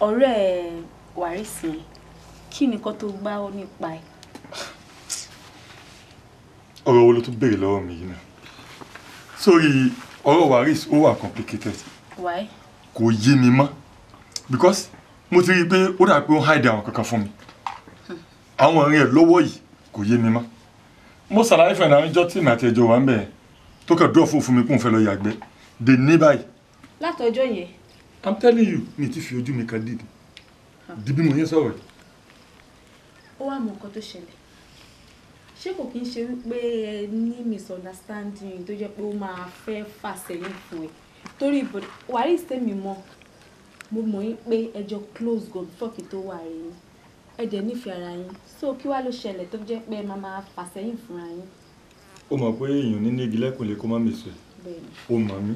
ọ̀rẹ́ wàrísì kí nìkan tó gbá ọ nípa ẹ̀. ọ̀rọ̀ wo ló tún béèrè lọ́wọ́ mi yìí náà sórí ọ̀rọ̀ wàrísì ó wà complicated. why. kò yé mi mọ́ because mo ti rí i pé ó dà pé ó ń hide àwọn kankan fún mi àwọn ọ̀rẹ́ ẹ̀ lọ́wọ́ yìí kò yé mi mọ́ mo ṣàlàyé fẹ̀ náà níjọ́ tí màtí ẹjọ́ wà ń bẹ̀ tó kàn dúró fún mi kó n fẹ́ lọ yàgbẹ́ dè ní báyìí. látọjọ́ yẹn i'm telling you mi ti fi ojú mi kan dìde dìbí mo yẹn sọ̀rọ̀. ó wá mọ nǹkan tó ṣẹlẹ̀ ṣé kò kí n ṣe wípé ẹ ní misunderstanding tó jẹ́ pé ó máa fẹ́ fà sẹ́yìn fún ẹ torí wàhálì sẹ́mi mọ́ mo mọ̀ yín pé ẹjọ́ close go before kí tó wà rẹ̀ ẹ dẹ̀ nífẹ̀ẹ́ ara yín so kí wàá ló ṣẹlẹ̀ tó jẹ́ pé màmá fà sẹ́yìn fúnra yín. ó mọ̀ pé èèyàn ní nígi lẹ́kùnlé kó má mèso ẹ̀ ó mọ̀ mí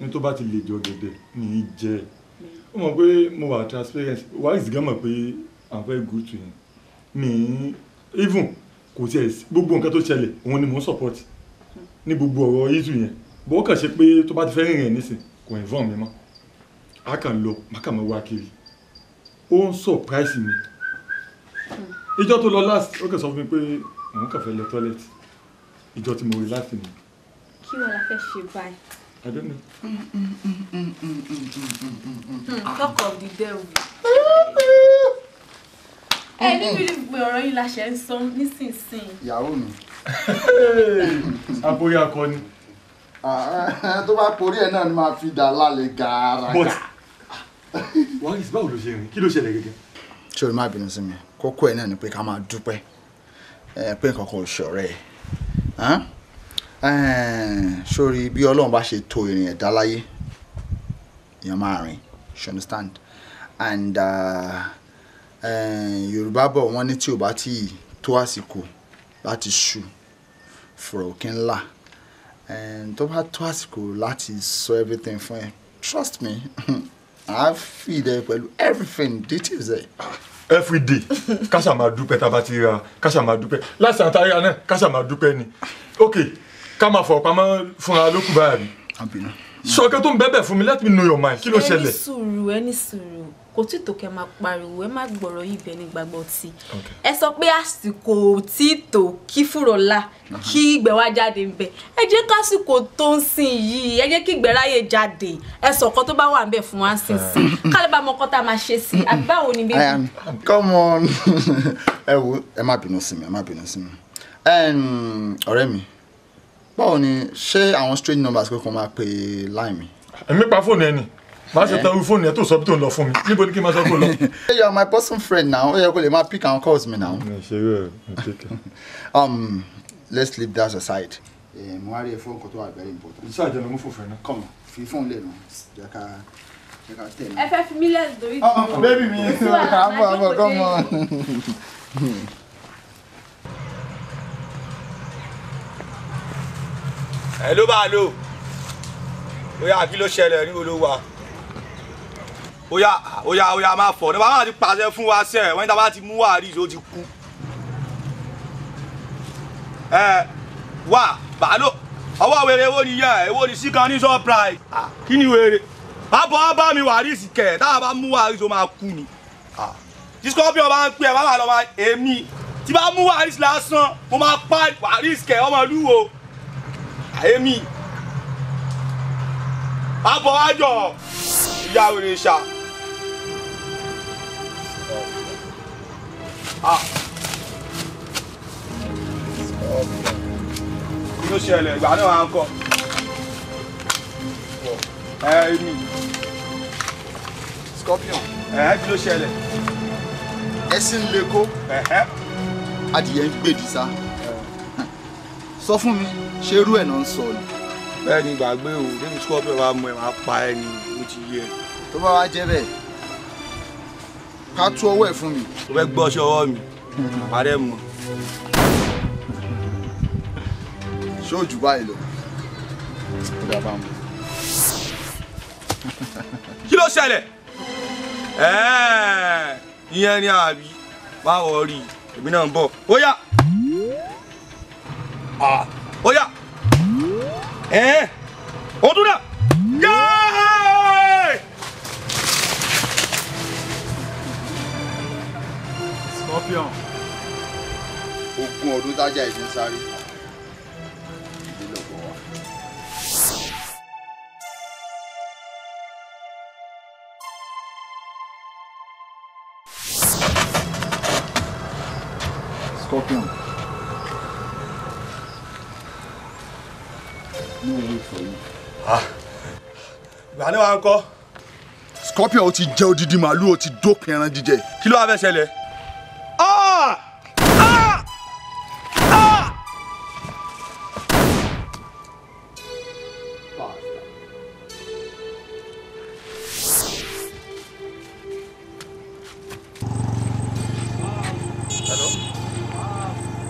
ní tó bá ti lè jọ gẹ̀dẹ̀ ní í jẹ ó mọ̀ pé mo wà transparent Why is mọ̀ pé i'm very good to him mi even kò tiẹ̀ gbogbo nǹkan tó ṣẹlẹ̀ òun ni mò ń support ní gbogbo ọ̀rọ̀ yíṣu yẹn bó kàn ṣe pé tó bá ti fẹ́ rìnrìn nísìn kò involve mi mọ́ a kàn lọ má kàn mọ́ wá kiri ó ń surprise mi ìjọ tó lọ last ó kàn sọ fún mi pé òun kàn fẹ́ lọ toilet ìjọ tí mo rí láti mi. kí wọn la fẹ́ ṣe báyìí. I don't know. talk of the devil. Ẹ ní bí pé ọ̀rọ̀ yìí la ṣe ń sọ nísinsìnyí. Ìyàwó mi. Aborí akọni. Ah, to bá porí ẹ̀ náà ni máa fi dà lálẹ́ gàràgà. But is yìí báwo ló ṣe rìn? Kí ló ṣẹlẹ̀ gẹ́gẹ́? Ṣé o máa bínú sí mi? koko ẹ̀ náà ni pé ká máa dúpẹ́ pé nǹkan kan ò ṣọ̀rẹ́ ẹ̀ sórí bí ọlọ́run bá ṣe to ìrìn ẹ̀dá láyé èèyàn máa rìn you understand and uh, yorùbá bọ̀ wọ́n ní tí ò bá tí ì tó àsìkò láti ṣù fọ̀rọ̀ òkè ńlá tó bá tó àsìkò láti sọ everything fún ẹ trust me i feel there pẹ̀lú everything details ẹ. every day kásà máa dúpẹ́ tá a bá ti ra kásà máa dúpẹ́ láti àtàrí àná kásà máa dúpẹ́ ni okay ká máa fọ̀ pamọ́ fúnra lókù báyìí. sọ̀kẹ́ tó ń bẹ́bẹ̀ fún mi let me know your mind kí ló ṣẹlẹ̀. ẹni sùúrù ẹni sùúrù kò tí tó kẹ́ máa pariwo ẹ má gbọ́rọ̀ yìí bẹ́ẹ̀ ní gbàgbọ́ tí ẹ sọ pé àsìkò tí tó kí fúrọ̀lá kí ìgbẹ́ wá jáde ń bẹ ẹ jẹ́ kásìkò tó ń sìn yìí ẹ jẹ́ kí ìgbẹ́ ráyè jáde ẹ sọ ọkọ tó bá wà ń bẹ fún wa ń sìn sí eh. kálí bá mọ tá a máa ṣe sí àbí báwo ni bébí. come on ẹ wo ẹ má bínú sí mi ẹ má bínú sí mi ọ̀rẹ́ mi báwo ni ṣé àwọn strange numbers kankan máa pe line mi. èmi pa fóònù ẹni má ṣe eh? tan fóònù yẹn tó sọ bí tó ń lọ fún mi níbo ni kí n máa sọ pé ó lọ. you are my personal friend now ó yẹ kó lè máa pick àwọn calls mi now. ṣe wẹ́ẹ̀ um let's leave that aside. Eh, mo wá rí ẹ fóònù kan tó wà very important. iṣẹ́ àjẹmọ́ mú fòfin náà. kọ́mọ fi fóònù lẹ́nu jẹ́ ká tẹ̀ náà. ẹ fẹ́ fi mílíọ̀nù lórí. bẹ́ẹ̀ni mi yẹn ti wà ká bọ̀ bọ̀ kọ́mọ. ẹ ló bá lò bóyá kí ló ṣẹlẹ̀ níbo ló wà bóyá bóyá bóyá máa fọ̀ ní bàbá àti pàṣẹ fún wa sẹ́ẹ̀ wọ́n ní tábà ti mú wàhálì tó ti kú ẹ wà bàálò ọwọ́ wèrè èwo ni yẹ èwo ni sí kan ní surprise kí ni wèrè bàbá bá mi wàhálì sì kẹ̀ táwa bá mú wàhálì tó máa kú ni tí scorpion bá ń pè ẹ bá wà lọ́wọ́ èmi tí bá mú wàhálì lásán mo máa pa wàhálì kẹ̀ ọmọlúwo àyèmí abọ́ ìyá wèrè kí ló ṣẹlẹ̀ ìgbà náà à ń kọ́ ẹ̀mí scorpion ẹ̀ẹ́ kí ló ṣẹlẹ̀ ẹ̀sìn lè kó adìyẹ ń gbèdì sá sọ fún mi ṣé irú ẹ̀ náà ń sọ ni. bẹ́ẹ̀ ni gbàgbé o débi tí kọ́pẹ́ wa mú ẹ máa pa ẹ ni mo ti yẹ. tó bá wá jẹ́ bẹ́ẹ̀ ká tú ọwọ́ ẹ̀ fún mi. mo fẹ́ gbọ́ ọṣẹ ọwọ́ mi àárẹ̀ mọ̀. ṣé òjò báyìí lọ ó dá bá mu. kí ló ṣẹlẹ̀ ìyẹn ni àbí báwo rí èmi náà ń bọ̀ ó yá ó yá ẹ̀ ó tún dà yáà. scorpion. ogún ọdún tájà ìdí ń sáré. ní wa ń kọ́. scorpion ó ti jẹ odidi màálù ó ti dópin ẹran jíjẹ. kí ló wá fẹ́ ṣẹlẹ̀. Ah! Ah!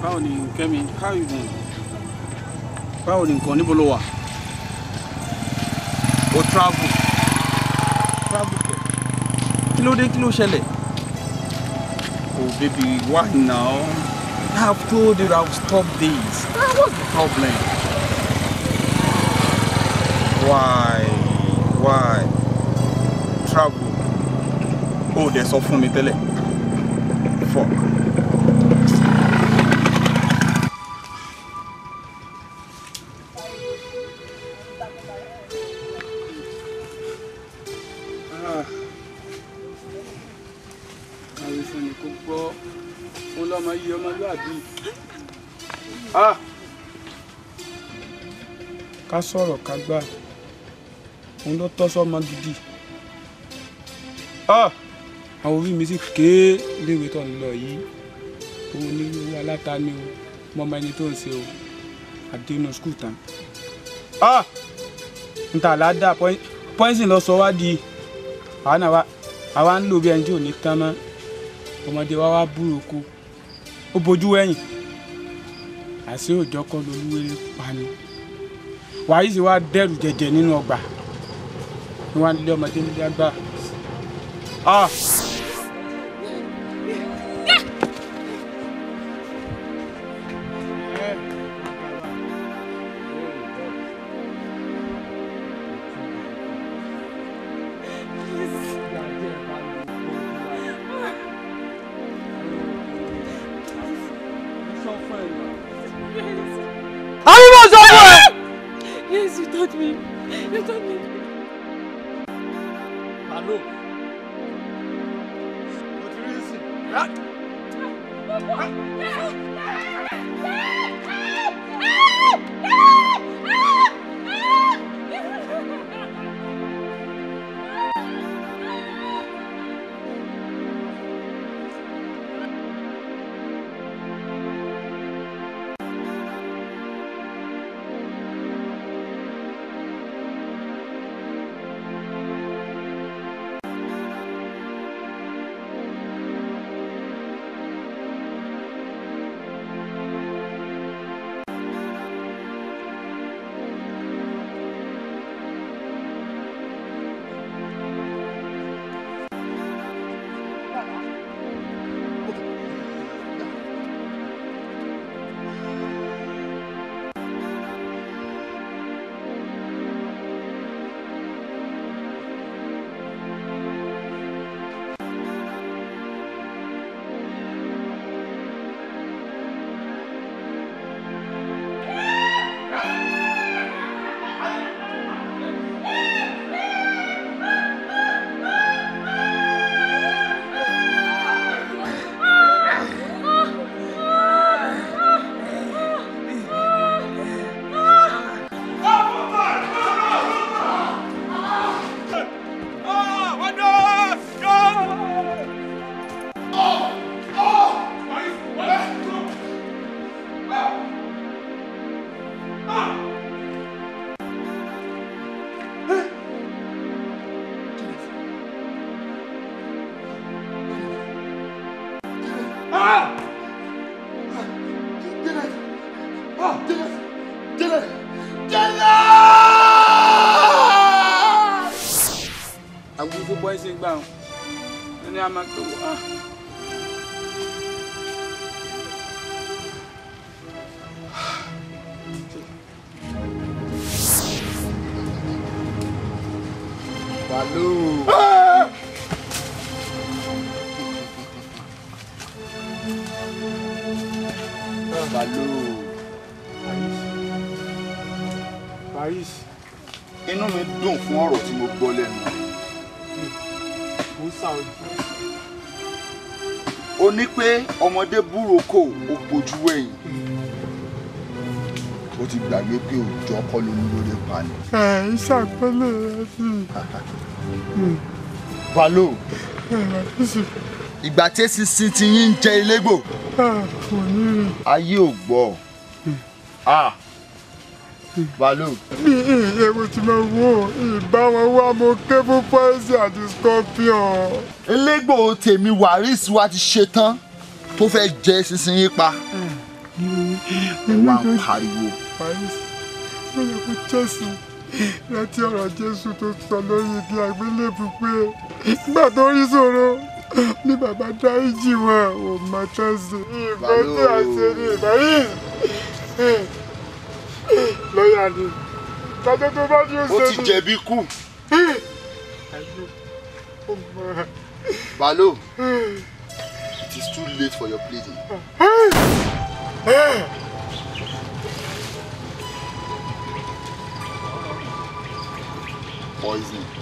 báwo ni Kẹ́mi báwo ni nǹkan níbo ló wà ó travel travel kẹ kí ló dé kí ló oh baby why now I have told you I will stop this what's the problem why why travel ó dẹ̀ sọ fún mi tẹ́lẹ̀ fuck. ká sọ̀rọ̀ ká gbà òun ló tọ́ sọ́mọ gidi ah! àwọn orí mi sì ké léwe tó ń lọ yìí owó onírúurú aláta ni o mọ ọmọ ẹni tó ń ṣe o àdéhùn skul tán ah! ntàlá dà pọ́ńsìn lọ sọ wá di àwa ń lò bí ẹni tí ò ní tán mọ́ ọmọdé wa wá búrò kú ó bojú wẹ̀yìn àṣé òjọ́ kọ́ pa ni wàyí sì wá dẹrù jẹjẹ nínú ọgbà ni wọn lé ọmọdé nílé àgbà. touch me. You Don't me. Hello. What do you see? Huh? àgùnfò bọ́ ẹ ṣe gbà ọ́ ẹni a máa pè wá. Ah. Bàlú. Ah, Bàlú. Paris. Paris. Inú mi dùn fún ọ̀rọ̀ tí mo gbọ́ lẹ́nu sá ojú. o ní pé ọmọdé búroko ò gbójú wẹ̀yìn ó ti gbàgbé pé òjò kọ́ ló ń lórí pani. ẹ ẹ ṣàpẹlẹ rẹ sí i. balo ìgbà tí eṣinṣin ti yín ń jẹ ilégbò ayé ò gbọ́. Balógun. mi ìyẹ̀wò tí mo wò ìbá wọn wá mo ké fún pọ́ìsì àti scorpion. elégbò tèmi Waris wa ti ṣe tán tó fẹ́ jẹ sísin yín pa mm. ẹ wá ń pariwo. Waris mo yẹ kó jẹ́sìn láti ọ̀rọ̀ Jésù tó sọ lórí igi àgbélébù pé nígbà tó rí ṣòro ní bàbá dáríjì wọn ò mọ̀ tán sí. ìfẹ́ tí a ṣe ní ìbáyìí lọ́yà ni tọ́jọ́ tó bá dúró sẹ́nu. ó ti jẹ̀bi kú. Balo, it is too late for your pleading. Poison.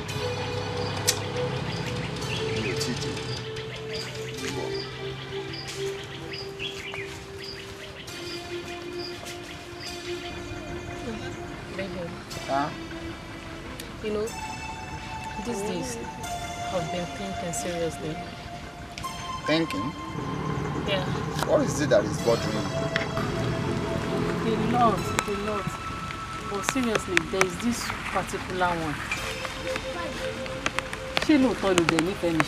You know, these mm. days I've been thinking seriously. Thinking? Yeah. What is it that is bothering you? A lot, a lot. But seriously, there is this particular one. She lóòótọ́ ló dẹ̀ nífẹ̀ẹ́ mi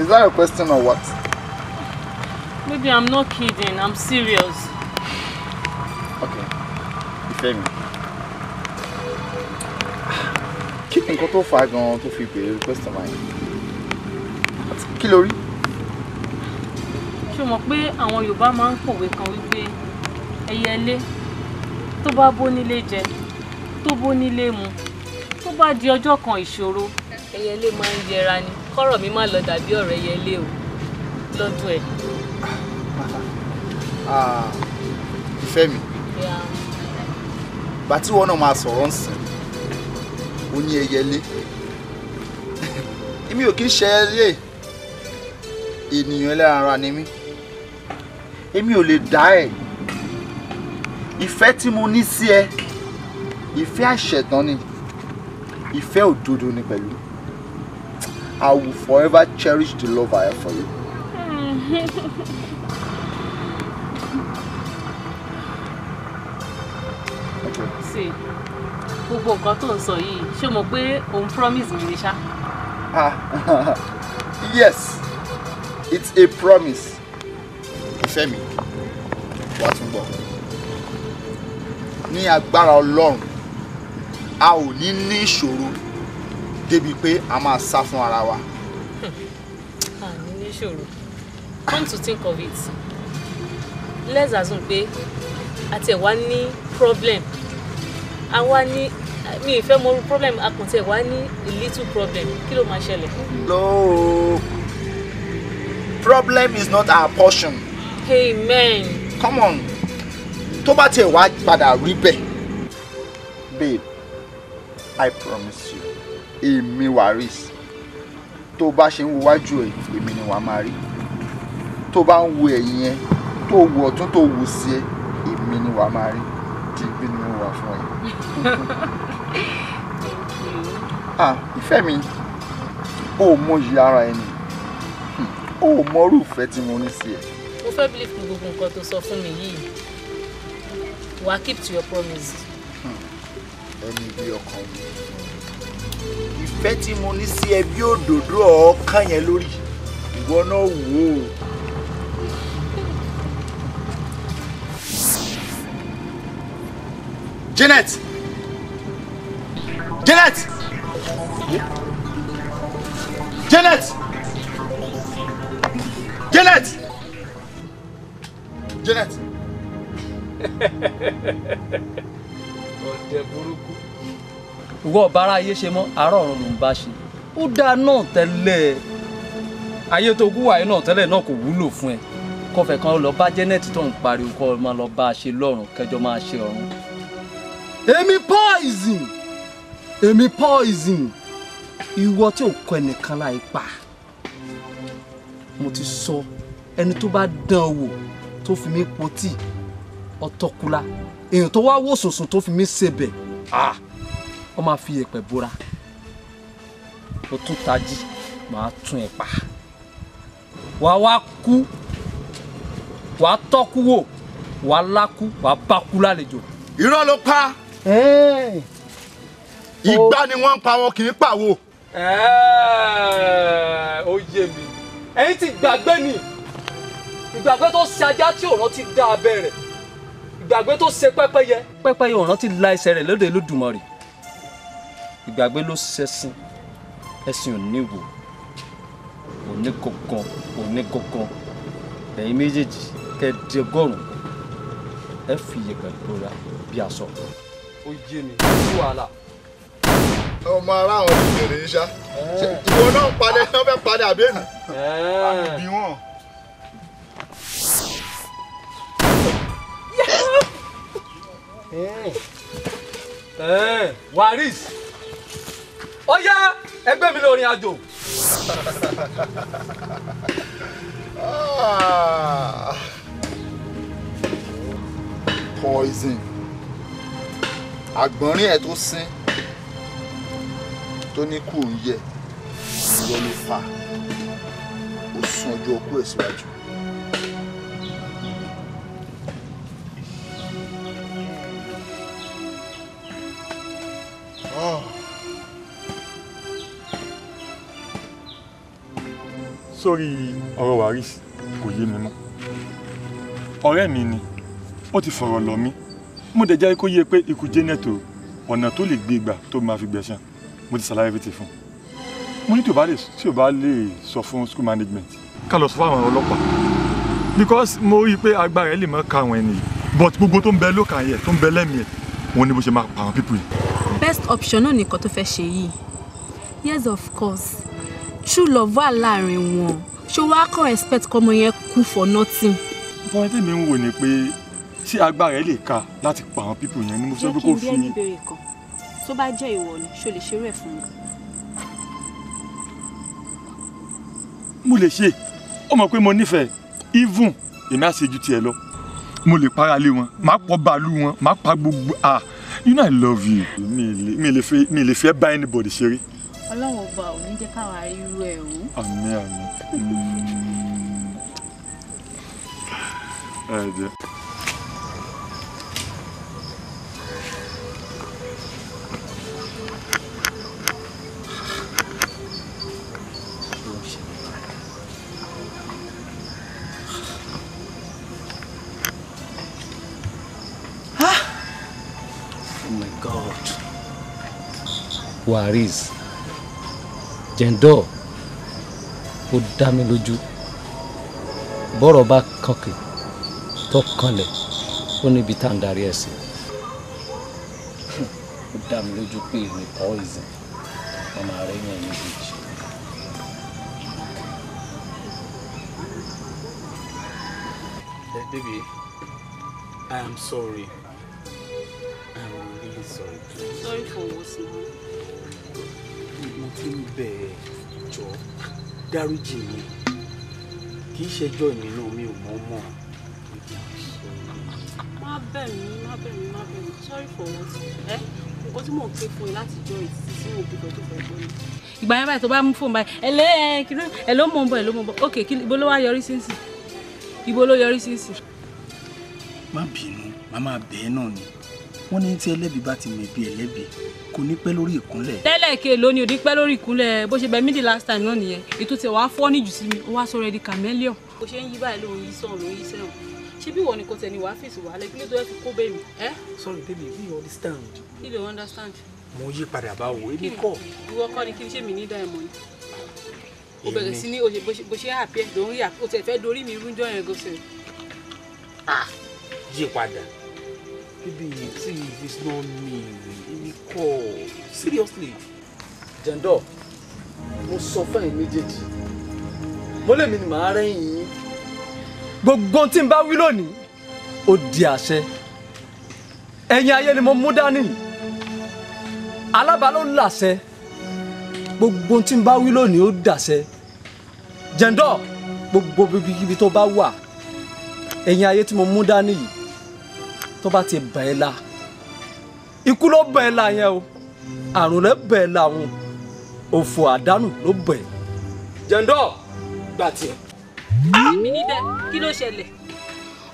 Is that a question or what? Maybe I'm not kidding, I'm serious. Okay, You me. kí ni nǹkan tó fà á gan-an tó fi béèrè request my àti kí ló rí. ṣé o mọ̀ pé àwọn Yorùbá máa ń pòwe kan wípé ẹyẹlé tó bá bó nílé jẹ tó bó nílé mu tó bá di ọjọ́ kan ìṣòro ẹyẹlé máa ń yẹra ni kọ́rọ̀ mi má lọ dàbí ọ̀rọ̀ ẹyẹlé o lọ́dún ẹ̀. Ah, ìfẹ́ mi bàtí wọn náà máa sọ̀rọ̀ ń sìn ó ní ẹyẹlé èmi ò kí ń ṣe ẹyẹlé ènìyàn ẹlẹ́ran ni mí èmi ò lè dá ẹ̀ ìfẹ́ tí mo ní sí ẹ ìfẹ́ àṣetán ni ìfẹ́ òdodo ni pẹ̀lú I will forever cherish the love I have for you. okay. See gbogbo nǹkan tó ń sọ yìí ṣé mo pé òun promise mi ni ṣá. Ah, yes it's a promise ìfẹ́ mi wà tún gbọ́ ní agbára ọlọ́run a ò ní ní ìṣòro débi pé a máa sá fún ara wa. Hmm, a ní ní ìṣòro come to think of it let's assume pé a tiẹ̀ wá ní problem a wá ní mi ìfẹ́ mo rú problem akùntì ẹ̀ wá a little problem kí ló máa ṣẹlẹ̀. no problem is not our portion. amen. come on tó bá tiẹ̀ wá padà rí bẹ́ẹ̀ babe i promise you èmi Waris tó bá ṣe ń wo wájú ẹ èmi ni wàá máa rí tó bá ń wo ẹ̀yìn ẹ tó wo ọ̀tún tó wo sí ẹ èmi ni wàá máa rí dìgbì ni mo wà fún ẹ. ah ìfẹ́ mi o ò mọyì ara ẹni hmm, o ò mọrú ìfẹ́ tí mo ní sí ẹ. mo fẹ́ believe pé gbogbo nǹkan tó sọ fún mi yìí wàá keep to your promise. Hmm, ẹni bí ọkàn mi ìfẹ́ tí mo ní sí ẹ bí òdòdó ọ̀ọ́kàn yẹn lórí ìwọ náà wò ó. Janet! Janet! Janet Janet Janet. ọ̀dẹ burúkú. ìwọ bára ayé ṣe mọ́ àárọ̀ ọ̀run ló ń bá ṣe ó dáa náà tẹ́lẹ̀ ayé tó gúwà yìí náà tẹ́lẹ̀ náà kò wúlò fún ẹ kọfẹ kan lọ bá Janet tó ń pariwo kọ máa lọ bá a ṣe lọ́rùn kẹjọ máa ṣe ọ̀run. èmi poison èmi poison ìwọ tí ò kọ ẹnìkan láì pa mo ti sọ ẹni tó bá dán wò tó fi mí potí ọtọkula èèyàn tó wá wò sùnsùn tó fi mí sebẹ̀ ọ máa fi yẹ̀pẹ̀ bóra mo tún tají màá tún ẹ pa wàá wá kú wàá tọ́kú wò wàá lákú wàá bákú lálejò. irọ́ ló pa ìgbà ni wọ́n ń pa wọn kì í pàwọ́ ó yé mi ẹ̀yin ti gbàgbé ni ìgbàgbé tó ṣe ajá tí òrán ti dá abẹ́ rẹ̀ ìgbàgbé tó ṣe pẹ́pẹ́yẹ. pẹ́pẹ́yẹ òrán ti la ẹsẹ̀ rẹ̀ lóde lódùmarè ìgbàgbé ló ṣẹ̀sìn ẹ̀sìn òníwò oníkọ̀kan oníkọ̀kan ẹ̀yin méjèèjì kẹ́ẹ̀dì ọgọ́rùn-ún ẹ fi yẹ̀kẹ̀ lóra bí aṣọ. ó yé mi sí wàhálà ọmọ ara àwọn òṣèré ṣá ìwọ náà ń padà náà fẹ́ padà bẹ́ẹ̀ni àbí wọn. Eh, eh, Waris ó yá ẹgbẹ́ mi lórin àjò. Ah! poison àgbọ̀nrín ẹ̀ tó sin tó ní kù ń yẹ ìrọ́ ló fà ó sún ọjọ́ ọkú ẹ̀ síwájú. Ah. sórí ọ̀rọ̀ waris kò yé mi mọ́ ọ̀rẹ́ mi ni ó ti fọ̀rọ̀ lọ mí mo dẹ̀ jẹ́ kó yé pé ikú jẹ́ nẹ́tò ọ̀nà tó lè gbé gbà tó máa fi gbẹ̀san mo ti ṣàlàyé everything fún mo ní tí o bá lè tí o bá lè sọ fún school management ká lọ sọ fún àwọn ọlọ́pàá because mo rí i pé agbára ẹ lè má ka àwọn ẹni but gbogbo tó ń bẹ lókàn yẹ tó ń bẹ lẹ́mìí ẹ wọn ni bó ṣe máa pa àwọn pípù yìí. best option náà nìkan tó fẹ́ ṣe yìí yes of course true love wà láàrin wọn ṣé wàá kàn respect, kọ́mọ yẹn kú for nothing. bọ́n tẹ̀mí ń wò ni pé ṣé agbára ẹ lè ka láti pa àwọn pípù yẹn ni mo sọ pé kó fi. jẹ́ kí n bí ẹni bèrè kan tó bá jẹ́ ìwọ ni ṣo lè ṣerú ẹ̀ fún mi. mo lè ṣe ó mọ̀ pé mo nífẹ̀ẹ́ even èmi á ṣe ju tiẹ̀ lọ mo lè para lé wọn máa pọ̀ bàálù wọn máa pa gbogbo ah you know i love you. mi lè fẹ́ mi lè fẹ́ bá anybody ṣeré. ọlọ́run ọba ò ní jẹ́ káwa rí irú ẹ̀ o. àmín àmín. Hmm. ẹ jẹ́. waris jendor ó dá mi lójú bọ́rọ̀ bá kankè tó kanlẹ̀ ó níbi tá à ń darí ẹ̀ sí ó dá mi lójú pé èmi poison ọmọ rẹ yẹn ní ìbejì. Baby, I am sorry. sí ibẹ̀ jọ dáríjì mi kì í ṣẹjọ́ mi náà mi ò mọ̀ mọ́ má bẹ̀ mí má bẹ̀ mí má bẹ̀ mí sorry for what ẹ nǹkan tí mò ń ké fún yín láti jọ ìsísí sí òbí kan tó fẹ́ gbọ́ mi. ìgbà yẹn báyìí tó bá mú fóònù báyìí ẹ lé ẹ kiri ẹ ló mọ ń bọ ẹ ló mọ ń bọ ok ibo ló wá yọrí sínsìn ibo ló yọrí sínsìn. má bínú màmá bẹ́ẹ̀ náà ni wọ́n ní tí ẹlẹ́bi bá ti mẹ̀bi ẹlẹ́bi kò ní pẹ́ lórí ìkúnlẹ̀. lẹ́lẹ́kẹ̀ ló ní òní pẹ́ lórí ìkúnlẹ̀ bó ṣe bẹ mídìí last time náà nìyẹn ètò tiẹ̀ wàá fọ́ níjù sí mi ó wá sọ̀rọ̀ ẹ̀ di chameleon. bó ṣe ń yí báyìí lóun yí sọ̀rọ̀ yí sẹ́wọ̀n ṣé bí ìwọ ni kò tẹ̀lé wàá fèsì wàhálẹ̀ kí ló tó yẹ kó bẹ́ẹ̀ mi. sorry baby we understand. you understand. mo yí padà bá wo èmi kọ. ìwọ kọ́ ni kí n ṣe mí ní diamond o bẹ̀rẹ̀ sí ní bó ṣe àpẹ́ lórí àpò tẹ̀ fẹ́ dorí mi rúndọ́ yẹn gọ́sẹ̀. Ah, yí padà. Baby, please, it's not me. Èmi kọ́. Seriously. Jandor, mo sọ fún ẹ̀yin méjèèjì. Mo lè mi ni màá rẹ́yìn yín. Gbogbo tí n bá wí lónìí, di àṣẹ. Ẹ̀yin ayé ni mo mú dání. Alábàá ló làṣẹ. Gbogbo tí n bá wí lónìí ó dàṣẹ. Jandor, gbogbo ibi tó bá wà. Ẹ̀yin ayé tí mo mú dání yìí tó bá ti bẹ̀ ẹ́ la ikú ló bẹ̀ ẹ́ la yẹn o àrùn rẹ̀ bẹ̀ ẹ́ la òun òfò àdánù ló bẹ̀ ẹ́. jẹ̀ǹdọ́ gbà tiẹ̀. mi ní kí ló ṣẹlẹ̀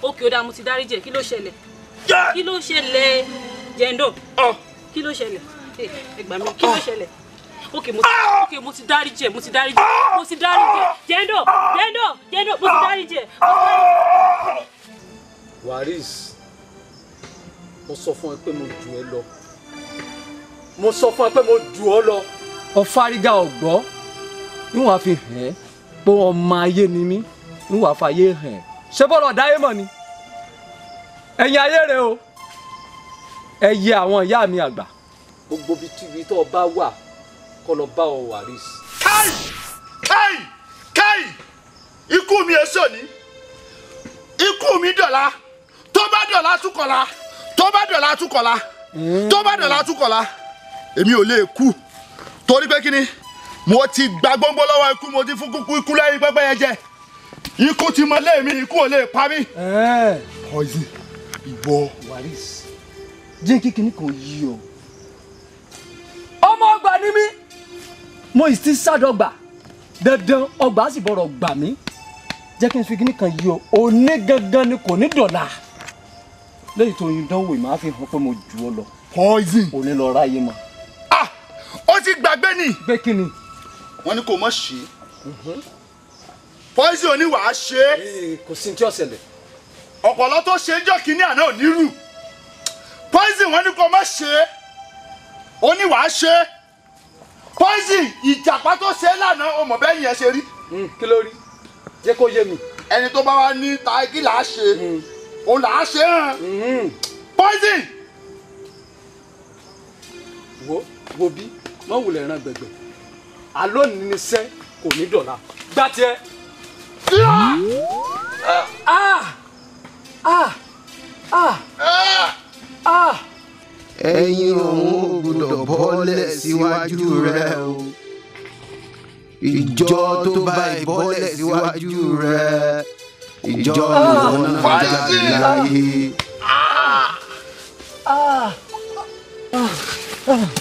òkè ó mo ti dáríjì ẹ kí ló ṣẹlẹ̀ kí ló ṣẹlẹ̀ jẹ̀ǹdọ́ kí ló ṣẹlẹ̀ ẹ gbà kí ló ṣẹlẹ̀ okay mo ti okay mo ti dáríjì ẹ mo ti dáríjì ẹ mo ti dáríjì ẹ jẹ̀ǹdọ́ jẹ̀ǹdọ́ jẹ̀ǹdọ́ mo ti dáríjì ẹ. waris mo sọ fún ẹ pé mo jù ẹ lọ mo sọ fún ẹ pé mo jù ọ lọ. ọ̀fárígà ọ̀gbọ́ níwọ̀n á fi hàn ẹ́ pé ọmọ ayé ni mí níwọ̀n á fi ayé hàn ẹ́ ṣé bọ́lọ̀ dáyé mọ̀ ni ẹ̀yin ayé rẹ o ẹ yẹ àwọn ìyá mi àgbà. gbogbo bíi tíbi tó o bá wà kó lọ bá ọ wà rí i. káì káì káì ikú mi èso ni ikú mi dọ̀la tó bá dọ̀la tún kọ̀la tó bá dọ̀la àtúkọ̀la tó bá dọ̀la àtúkọ̀la èmi ò lè kú torí pé kí ni mo ti gba gbogbo lọ́wọ́ ikú mo ti fún kúkú ikú lẹ́yìn pẹ́pẹ́ yẹn jẹ ikú ti mọ lé mi ikú ò lè pa mí. ọyìn eh. ìwọ. waris jẹ́ kí kinní kan yí o. ọmọ ọgbà ni mí mo ì ti sádọgbà dandan ọgbà á sì bọ̀rọ̀ gbà mí jẹ́ kí n fi kinní kan yí o òní ni kò ní dọ̀la lẹ́yìn tó yin dánwò ìmọ̀ àfi hàn pé mo jù ọ lọ. poison. ò ní lọ ráyé mọ. ah ó ti gbàgbé ni. bẹ́ẹ̀ kí ni. wọ́n ní kò mọ̀ ṣe é. poison ni wàá ṣe é. Eh, kò sí ní tí ọ̀pọ̀lọ́ tó ṣe é jọ́ kínní àná ò ní rù. poison wọ́n ní kò mọ̀ ṣe é. ó ní wàá ṣe é. poison ìjàpá tó ṣe é lánàá o mọ̀ bẹ́ẹ̀ yẹn ṣe rí. Hmm, kí ló rí jẹ́ kó yé mi. ẹni tó bá wá ní ta kí làá ṣe. Hmm òun là á ṣe hàn hmm. poison. wo wo bí wọn wulẹ̀ ran gbẹ̀gbẹ̀ àlọ́ níṣẹ́ kò ní dọ̀la gbá tiẹ̀. Ah, ah, ah, ẹ̀yin òun gbọ́dọ̀ bọ́lẹ̀ síwájú rẹ o ìjọ tó bá ìbọ́lẹ̀ síwájú rẹ ìjọ ah. ìwọ náà jáde láyé. Ah. Ah.